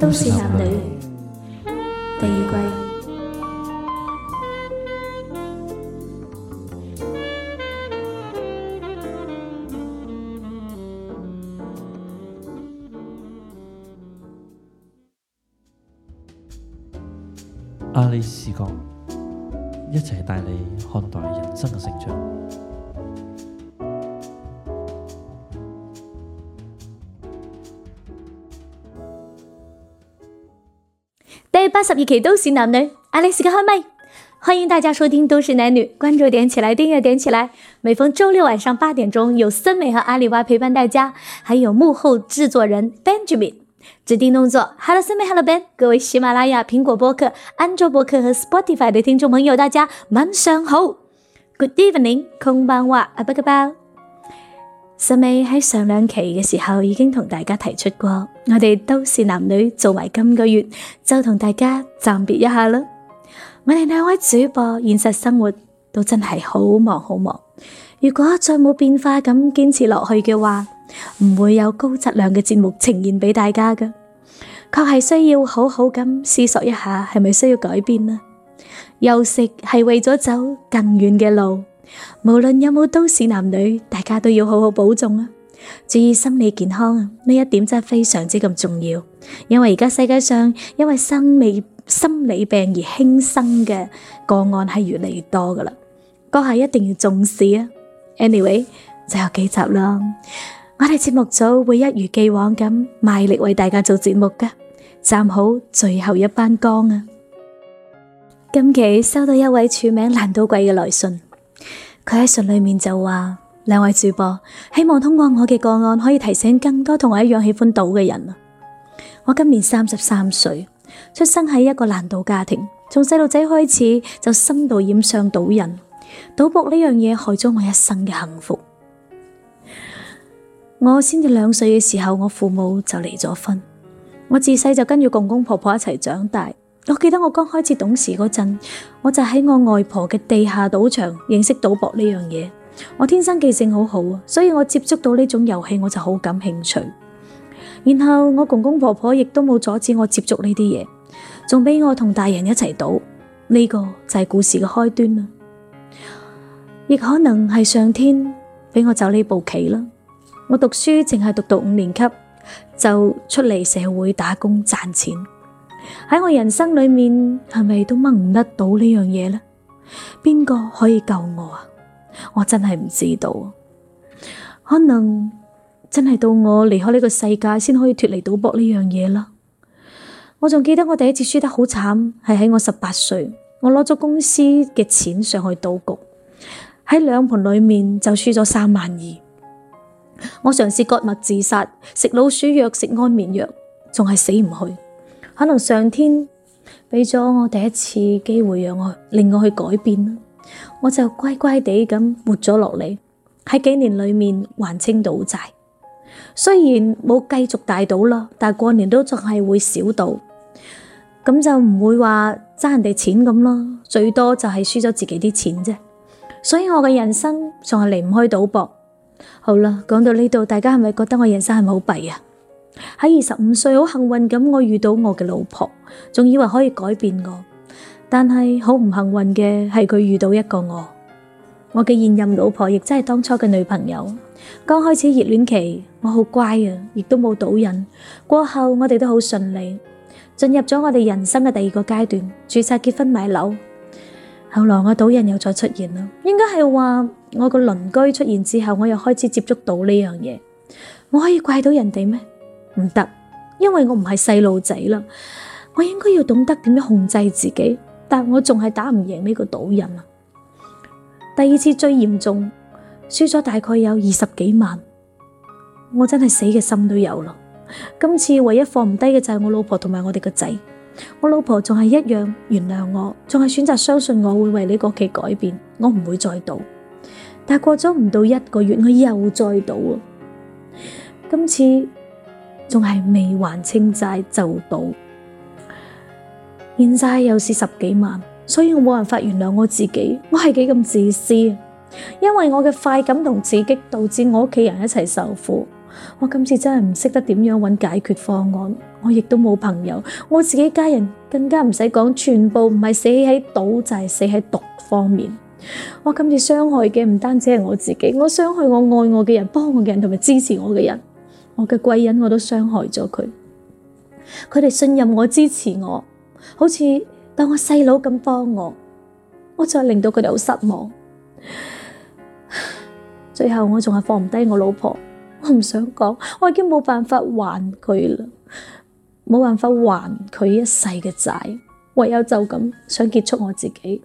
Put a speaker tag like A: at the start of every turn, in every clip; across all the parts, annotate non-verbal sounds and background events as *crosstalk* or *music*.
A: 都市男女第二季，
B: 阿里視覺一齊帶你看待人生嘅成長。
A: 八十二塊都市男女，阿麗斯嘅好妹，歡迎大家收聽《都市男女》，關注點起來，訂閱點起來，每逢周六晚上八點鐘有森美和阿里娃陪伴大家，還有幕後製作人 Benjamin，指定動作，Hello 森美，Hello Ben，各位喜馬拉雅、蘋果播客、安卓播客和 Spotify 的聽眾朋友，大家晚上好，Good evening，空班話阿伯個包。實尾喺上兩期嘅時候已經同大家提出過，我哋都市男女做埋今個月，就同大家暫別一下啦。我哋兩位主播現實生活都真係好忙好忙，如果再冇變化咁堅持落去嘅話，唔會有高質量嘅節目呈現俾大家噶，確係需要好好咁思索一下係咪需要改變呢？休息係為咗走更遠嘅路。無論有冇都市男女，大家都要好好保重啊！注意心理健康啊，呢一點真係非常之咁重要。因為而家世界上因為生理心理病而輕生嘅個案係越嚟越多噶啦，閣下一定要重視啊！Anyway，最後幾集啦，我哋節目組會一如既往咁賣力為大家做節目噶，站好最後一班崗啊！今期收到一位署名爛賭鬼嘅來信。佢喺信裏面就話：兩位主播，希望通過我嘅個案，可以提醒更多同我一樣喜歡賭嘅人。我今年三十三歲，出生喺一個爛賭家庭，從細路仔開始就深度染上賭癮，賭博呢樣嘢害咗我一生嘅幸福。我先至兩歲嘅時候，我父母就離咗婚，我自細就跟住公公婆婆一齊長大。我記得我剛開始懂事嗰陣，我就喺我外婆嘅地下賭場認識賭博呢樣嘢。我天生記性好好啊，所以我接觸到呢種遊戲，我就好感興趣。然後我公公婆婆，婆亦都冇阻止我接觸呢啲嘢，仲俾我同大人一齊賭。呢、呢個就係故事嘅開端啦，亦可能係上天俾我走呢步棋啦。我讀書淨係讀到五年級就出嚟社會打工賺錢。喺我人生裏面係咪都掹唔得到呢樣嘢呢？邊個可以救我啊？我真係唔知道，可能真係到我離開呢個世界先可以脫離賭博呢樣嘢啦。我仲記得我第一次輸得好慘，係喺我十八歲，我攞咗公司嘅錢上去賭局，喺兩盤裏面就輸咗三萬二。我嘗試割脈自殺，食老鼠藥，食安眠藥，仲係死唔去。可能上天俾咗我第一次機會，讓我令我去改變啦，我就乖乖地咁活咗落嚟。喺幾年裏面還清賭債，雖然冇繼續大賭啦，但係過年都仲係會小賭，咁就唔會話爭人哋錢咁咯，最多就係輸咗自己啲錢啫。所以我嘅人生仲係離唔開賭博。好啦，講到呢度，大家係咪覺得我人生係咪好弊啊？喺二十五歲，好幸運咁，我遇到我嘅老婆，仲以為可以改變我。但係好唔幸運嘅係佢遇到一個我。我嘅現任老婆亦真係當初嘅女朋友。剛開始熱戀期，我好乖啊，亦都冇賭癮。過後我哋都好順利，進入咗我哋人生嘅第二個階段，注冊結婚買樓。後來我賭癮又再出現啦，應該係話我個鄰居出現之後，我又開始接觸到呢樣嘢。我可以怪到人哋咩？唔得，因為我唔係細路仔啦，我應該要懂得點樣控制自己，但我仲係打唔贏呢個賭癮啊！第二次最嚴重，輸咗大概有二十幾萬，我真係死嘅心都有啦。今次唯一放唔低嘅就係我老婆同埋我哋個仔，我老婆仲係一樣原諒我，仲係選擇相信我會為呢個屋企改變，我唔會再賭。但係過咗唔到一個月，我又再賭啊！今次，仲係未還清債就賭，現在又是十幾萬，所以我冇辦法原諒我自己，我係幾咁自私，因為我嘅快感同刺激導致我屋企人一齊受苦。我今次真係唔識得點樣揾解決方案，我亦都冇朋友，我自己家人更加唔使講，全部唔係死喺賭就係死喺毒方面。我今次傷害嘅唔單止係我自己，我傷害我愛我嘅人、幫我嘅人同埋支持我嘅人。我嘅貴人我都傷害咗佢，佢哋信任我、支持我，好似當我細佬咁幫我，我就係令到佢哋好失望。最後我仲係放唔低我老婆，我唔想講，我已經冇辦法還佢啦，冇辦法還佢一世嘅債，唯有就咁想結束我自己，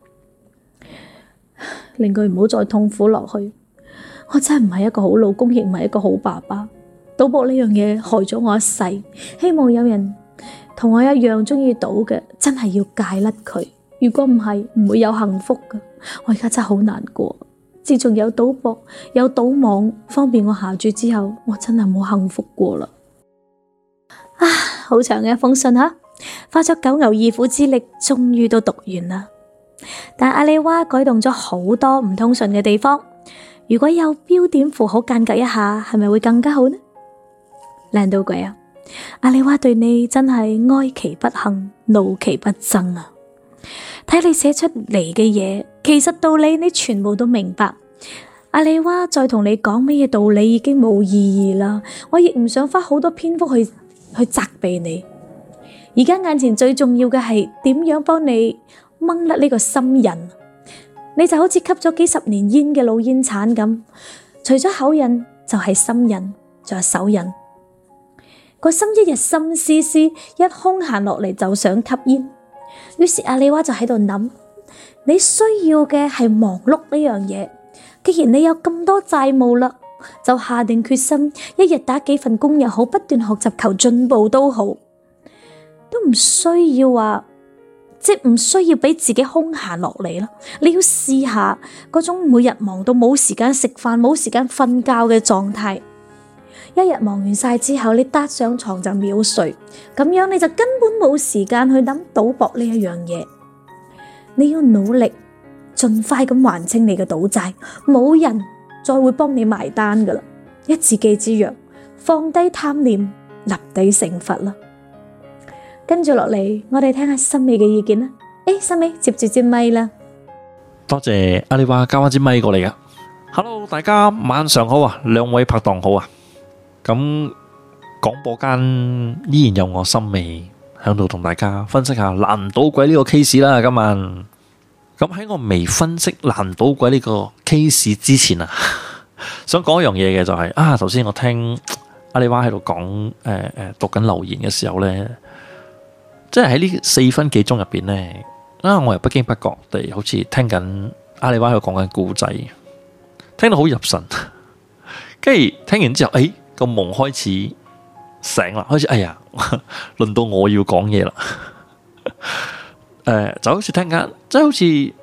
A: 令佢唔好再痛苦落去。我真係唔係一個好老公，亦唔係一個好爸爸。賭博呢樣嘢害咗我一世，希望有人同我一樣中意賭嘅，真係要戒甩佢。如果唔係，唔會有幸福噶。我而家真係好難過。自從有賭博、有賭網方便我下注之後，我真係冇幸福過啦。啊，好長嘅一封信吓，花咗九牛二虎之力，終於都讀完啦。但阿里娃改動咗好多唔通順嘅地方，如果有標點符號間隔一下，係咪會更加好呢？靚到鬼啊！阿里娃對你真係哀其不幸，怒其不爭啊。睇你寫出嚟嘅嘢，其實道理你全部都明白。阿里娃再同你講咩嘢道理已經冇意義啦。我亦唔想花好多篇幅去去責備你。而家眼前最重要嘅係點樣幫你掹甩呢個心癮。你就好似吸咗幾十年煙嘅老煙鏟咁，除咗口癮就係、是、心癮，仲有手癮。個心一日心思思，一空閒落嚟就想吸煙。於是阿里娃就喺度諗：你需要嘅係忙碌呢樣嘢。既然你有咁多債務啦，就下定決心，一日打幾份工又好，不斷學習求進步都好，都唔需要呀，即唔需要俾自己空閒落嚟啦。你要試下嗰種每日忙到冇時間食飯、冇時間瞓覺嘅狀態。一日忙完晒之後，你搭上床就秒睡，咁樣你就根本冇時間去諗賭博呢一樣嘢。你要努力，盡快咁還清你嘅賭債，冇人再會幫你埋單噶啦。一字記之，曰放低貪念，立地成佛啦。跟住落嚟，我哋聽下心美嘅意見啦。誒，心美接住支咪啦，
B: 多謝阿你話交翻支咪過嚟啊。Hello，大家晚上好啊，兩位拍檔好啊。咁廣播間依然有我心味，響度同大家分析下難倒鬼呢個 case 啦。今晚咁喺我未分析難倒鬼呢個 case 之前、 *laughs* 就是、啊，想講一樣嘢嘅就係啊，頭先我聽阿里娃喺度講誒誒，讀緊留言嘅時候咧，即係喺呢四分幾鐘入邊咧啊，我又不經不覺地好似聽緊阿里娃喺度講緊故仔，聽到好入神，跟住聽完之後誒。欸個夢開始醒啦，開始哎呀，輪到我要講嘢啦，誒、 *laughs* 呃、就好似聽緊，即係好似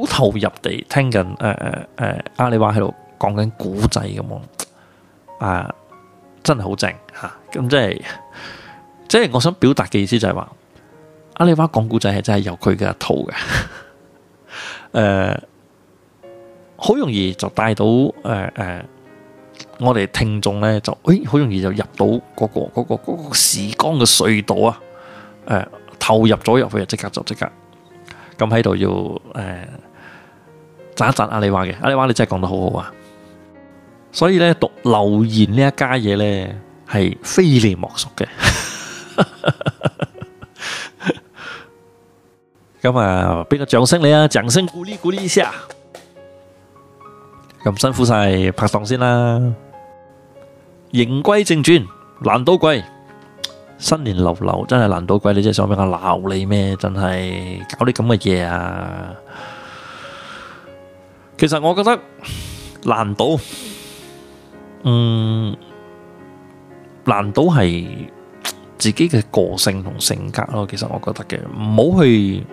B: 好投入地聽緊，誒誒誒，阿里話喺度講緊古仔咁，啊樣、呃、真係好正，吓、啊，咁即係即係我想表達嘅意思就係、是、話，阿里話講古仔係真係有佢嘅一套嘅，誒 *laughs* 好、呃、容易就帶到誒誒。呃呃我哋聽眾咧就誒，好容易就入到嗰、那個嗰、那個嗰、那個時光嘅隧道啊！誒、呃，投入咗入去就即刻就即刻咁喺度要誒讚、呃、一讚阿里華嘅，阿里華你真係講得好好啊！所以咧讀留言呢一家嘢咧係非你莫屬嘅。咁 *laughs* *laughs* *laughs* 啊，俾個掌聲你啊，掌聲鼓勵鼓勵一下。咁辛苦晒，拍檔先啦。言歸正傳，爛賭鬼，新年流流真係爛賭鬼，你真係想俾我鬧你咩？真係搞啲咁嘅嘢啊！其實我覺得爛賭，嗯，爛賭係自己嘅個性同性格咯。其實我覺得嘅，唔好去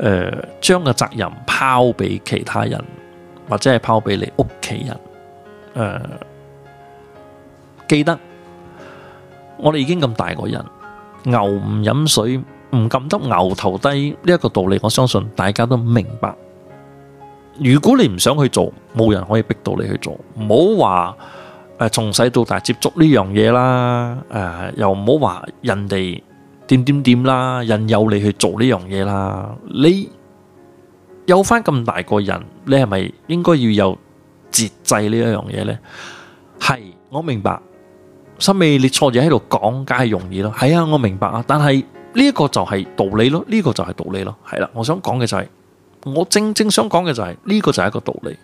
B: 誒，將個責任拋俾其他人。或者係拋俾你屋企人，誒、呃，記得我哋已經咁大個人，牛唔飲水唔撳得牛頭低呢一，這個道理，我相信大家都明白。如果你唔想去做，冇人可以逼到你去做。唔好話誒從細到大接觸呢樣嘢啦，誒、呃、又唔好話人哋點點點啦，引誘你去做呢樣嘢啦，你有翻咁大個人。你係咪應該要有節制呢一樣嘢呢？係，我明白，心美你錯嘢喺度講，梗係容易咯。係啊，我明白啊，但係呢個就係道理咯，呢個就係道理咯。係啦，我想講嘅就係，我正正想講嘅就係呢個就係一個道理。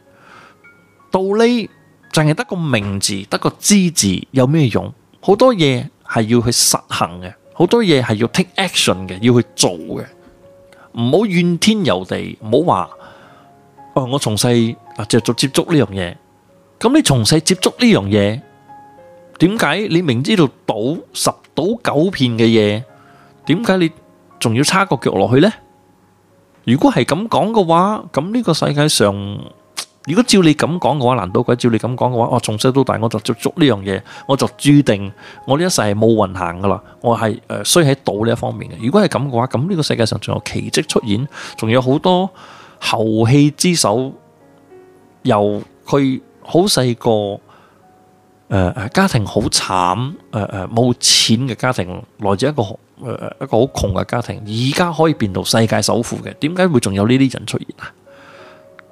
B: 道理淨係得個名字，得個知字有咩用？好多嘢係要去實行嘅，好多嘢係要 take action 嘅，要去做嘅。唔好怨天尤地，唔好話。哦，我從細啊接觸接觸呢樣嘢，咁你從細接觸呢樣嘢，點解你明知道賭十賭九騙嘅嘢，點解你仲要叉個腳落去呢？如果係咁講嘅話，咁呢個世界上，如果照你咁講嘅話，難道鬼照你咁講嘅話，我從細到大我就接觸呢樣嘢，我就注定我呢一世係冇運行噶啦，我係誒衰喺賭呢一方面嘅。如果係咁嘅話，咁呢個世界上仲有奇蹟出現，仲有好多。後起之秀，由佢好細個誒誒，家庭好慘誒誒，冇、呃、錢嘅家庭，來自一個誒、呃、一個好窮嘅家庭，而家可以變到世界首富嘅，點解會仲有呢啲人出現啊？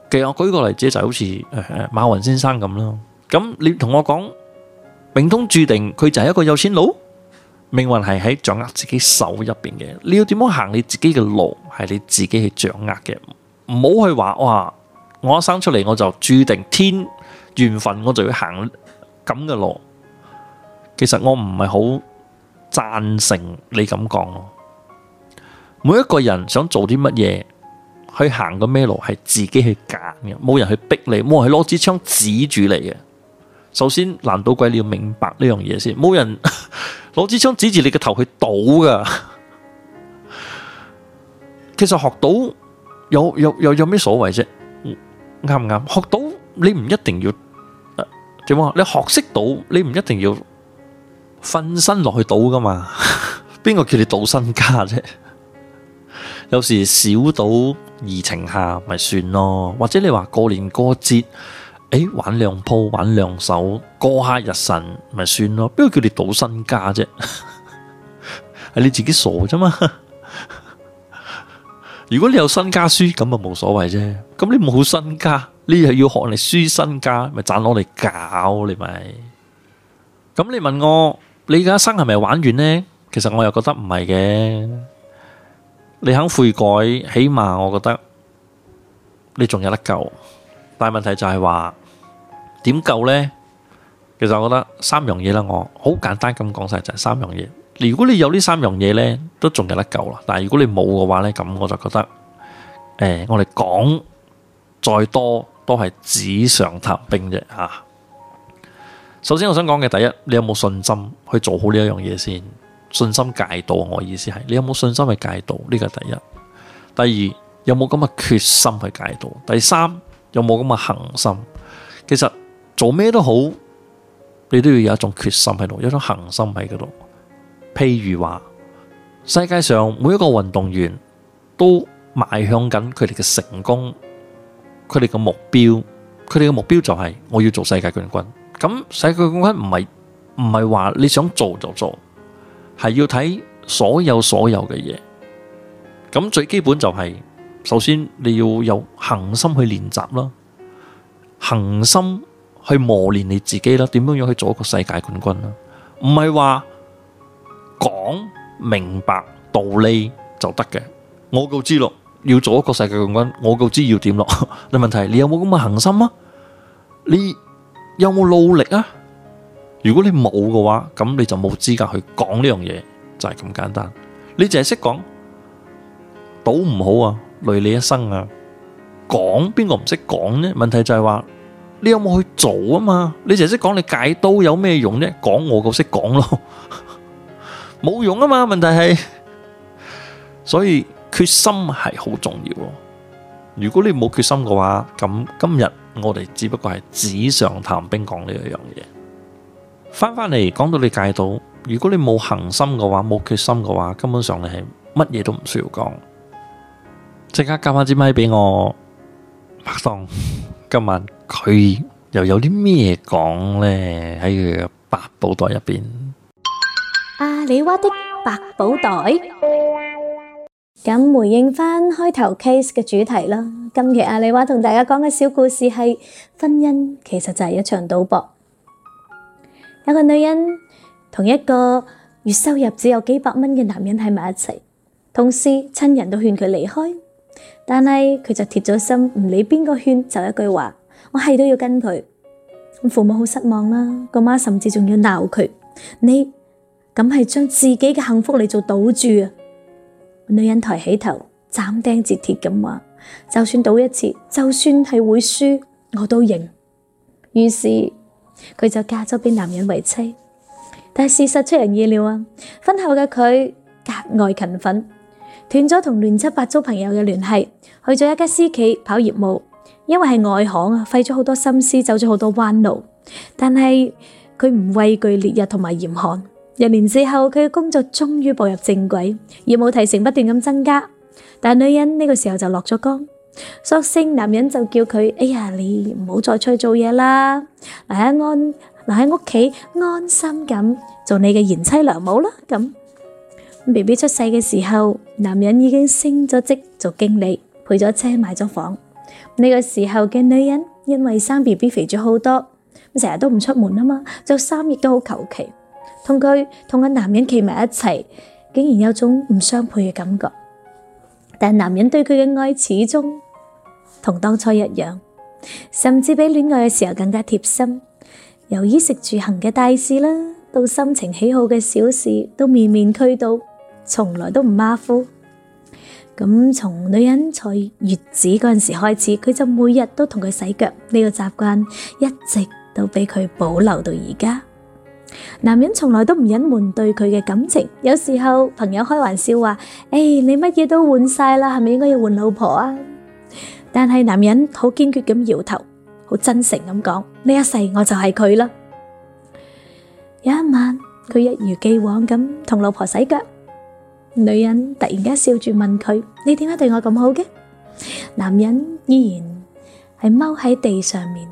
B: 其實我舉個例子就好似誒誒，馬雲先生咁咯。咁你同我講命中注定佢就係一個有錢佬，命運係喺掌握自己手入邊嘅。你要點樣行你自己嘅路，係你自己去掌握嘅。唔好去話哇！我一生出嚟我就注定天緣分，我就要行咁嘅路。其實我唔係好贊成你咁講咯。每一個人想做啲乜嘢，去行個咩路係自己去揀嘅，冇人去逼你，冇人去攞支槍指住你嘅。首先，難到鬼你要明白呢樣嘢先，冇人攞支槍指住你嘅頭去賭噶。其實學到。有有又有咩所謂啫？啱唔啱？學到你唔一定要點講、呃？你學識到你唔一定要瞓身落去賭噶嘛？邊 *laughs* 個叫你賭身家啫？ *laughs* 有時小賭怡情下咪算咯，或者你話過年過節，誒玩，玩兩鋪玩兩手過下日神咪算咯，邊個叫你賭身家啫？係 *laughs* 你自己傻啫嘛？如果你有身家輸咁咪冇所謂啫，咁你冇身家，你又要學嚟輸身家，咪盞攞嚟搞你咪。咁你問我你而家生係咪玩完呢？其實我又覺得唔係嘅，你肯悔改，起碼我覺得你仲有得救。但係問題就係話點救呢？其實我覺得三樣嘢啦，我好簡單咁講晒就係三樣嘢。如果你有呢三樣嘢呢，都仲有得救啦。但係如果你冇嘅話呢，咁我就覺得誒、呃，我哋講再多都係紙上談兵啫。吓、啊，首先我想講嘅第一，你有冇信心去做好呢一樣嘢先？信心戒賭，我意思係你有冇信心去戒賭？呢個係第一，第二有冇咁嘅決心去戒賭？第三有冇咁嘅恒心？其實做咩都好，你都要有一種決心喺度，一種恒心喺度。譬如話，世界上每一個運動員都邁向緊佢哋嘅成功，佢哋嘅目標，佢哋嘅目標就係我要做世界冠軍。咁世界冠軍唔係唔係話你想做就做，係要睇，所有所有嘅嘢。咁最基本就係，首先你要有恆心去練習啦，恆心去磨練你自己啦，點樣樣去做一個世界冠軍啦，唔係話。講明白道理就得嘅，我夠知咯，要做一個世界冠軍，我夠知要點咯。你 *laughs* 問題，你有冇咁嘅恒心啊？你有冇努力啊？如果你冇嘅話，咁你就冇資格去講呢樣嘢，就係、是、咁簡單。你淨係識講賭唔好啊，累你一生啊。講邊個唔識講呢？問題就係話你有冇去做啊嘛？你淨係識講你戒刀有咩用呢？講我夠識講咯。冇用啊嘛，問題係，所以決心係好重要。如果你冇決心嘅話，咁今日我哋只不過係紙上談兵講呢一樣嘢。翻返嚟講到你戒賭，如果你冇恆心嘅話，冇決心嘅話，根本上你係乜嘢都唔需要講。即刻交翻支咪畀我，麥當，今晚佢又有啲咩講咧？喺佢嘅百寶袋入邊。
A: 阿里娃的百寶袋，咁回應翻開頭 case 嘅主題啦。今期阿里娃同大家講嘅小故事係：婚姻其實就係一場賭博。有個女人同一個月收入只有幾百蚊嘅男人喺埋一齊，同時親人都勸佢離開，但係佢就鐵咗心，唔理邊個勸，就一句話：我係都要跟佢。咁父母好失望啦，個媽甚至仲要鬧佢，你。咁係將自己嘅幸福嚟做賭注啊！女人抬起頭，斬釘截鐵咁話：就算賭一次，就算係會輸，我都認。於是佢就嫁咗俾男人為妻。但係事實出人意料啊！婚後嘅佢格外勤奮，斷咗同亂七八糟朋友嘅聯繫，去咗一家私企跑業務，因為係外行啊，費咗好多心思，走咗好多彎路。但係佢唔畏懼烈日同埋嚴寒。一年之後，佢嘅工作終於步入正軌，業務提成不斷咁增加。但女人呢個時候就落咗崗，索性男人就叫佢：哎呀，你唔好再出去做嘢啦，留喺安留喺屋企安心咁做你嘅賢妻良母啦。咁 B B 出世嘅時候，男人已經升咗職做經理，配咗車買咗房。呢個時候嘅女人因為生 B B 肥咗好多，成日都唔出門啊嘛，着衫亦都好求其。同佢同個男人企埋一齊，竟然有種唔相配嘅感覺。但男人對佢嘅愛始終同當初一樣，甚至比戀愛嘅時候更加貼心。由衣食住行嘅大事啦，到心情喜好嘅小事，都面面俱到，從來都唔馬虎。咁從女人坐月子嗰陣時開始，佢就每日都同佢洗腳，呢個習慣一直都俾佢保留到而家。男人從來都唔隱瞞對佢嘅感情，有時候朋友開玩笑話，誒、哎，你乜嘢都換晒啦，係咪應該要換老婆啊？但係男人好堅決咁搖頭，好真誠咁講：呢一世我就係佢啦。有一晚，佢一如既往咁同老婆洗腳，女人突然間笑住問佢：你點解對我咁好嘅？男人依然係踎喺地上面，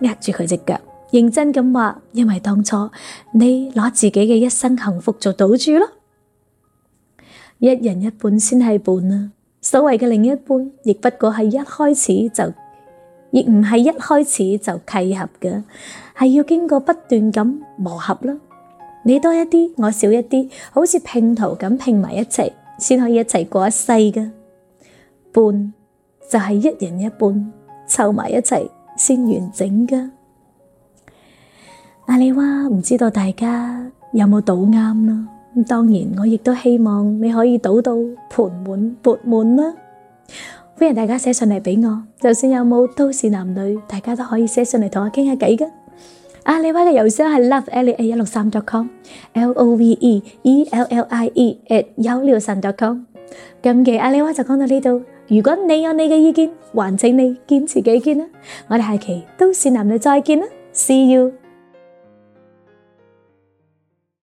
A: 握住佢隻腳。認真咁話，因為當初你攞自己嘅一生幸福做賭注咯。一人一半先係半啊，所謂嘅另一半亦不過係一開始就亦唔係一開始就契合嘅，係要經過不斷咁磨合啦。你多一啲，我少一啲，好似拼圖咁拼埋一齊，先可以一齊過一世嘅。半就係、是、一人一半，湊埋一齊先完整噶。阿里娃唔知道大家有冇賭啱啦，咁當然我亦都希望你可以賭到盤滿缽滿啦。歡迎大家寫信嚟俾我，就算有冇都市男女，大家都可以寫信嚟同我傾下偈噶。阿里娃嘅郵箱係 l o v e l l e 一六三點 com，l o v e e l l i e at 一六三點 com。今期阿里娃就講到呢度，如果你有你嘅意見，還請你堅持己見啦。我哋下期都市男女再見啦，see you。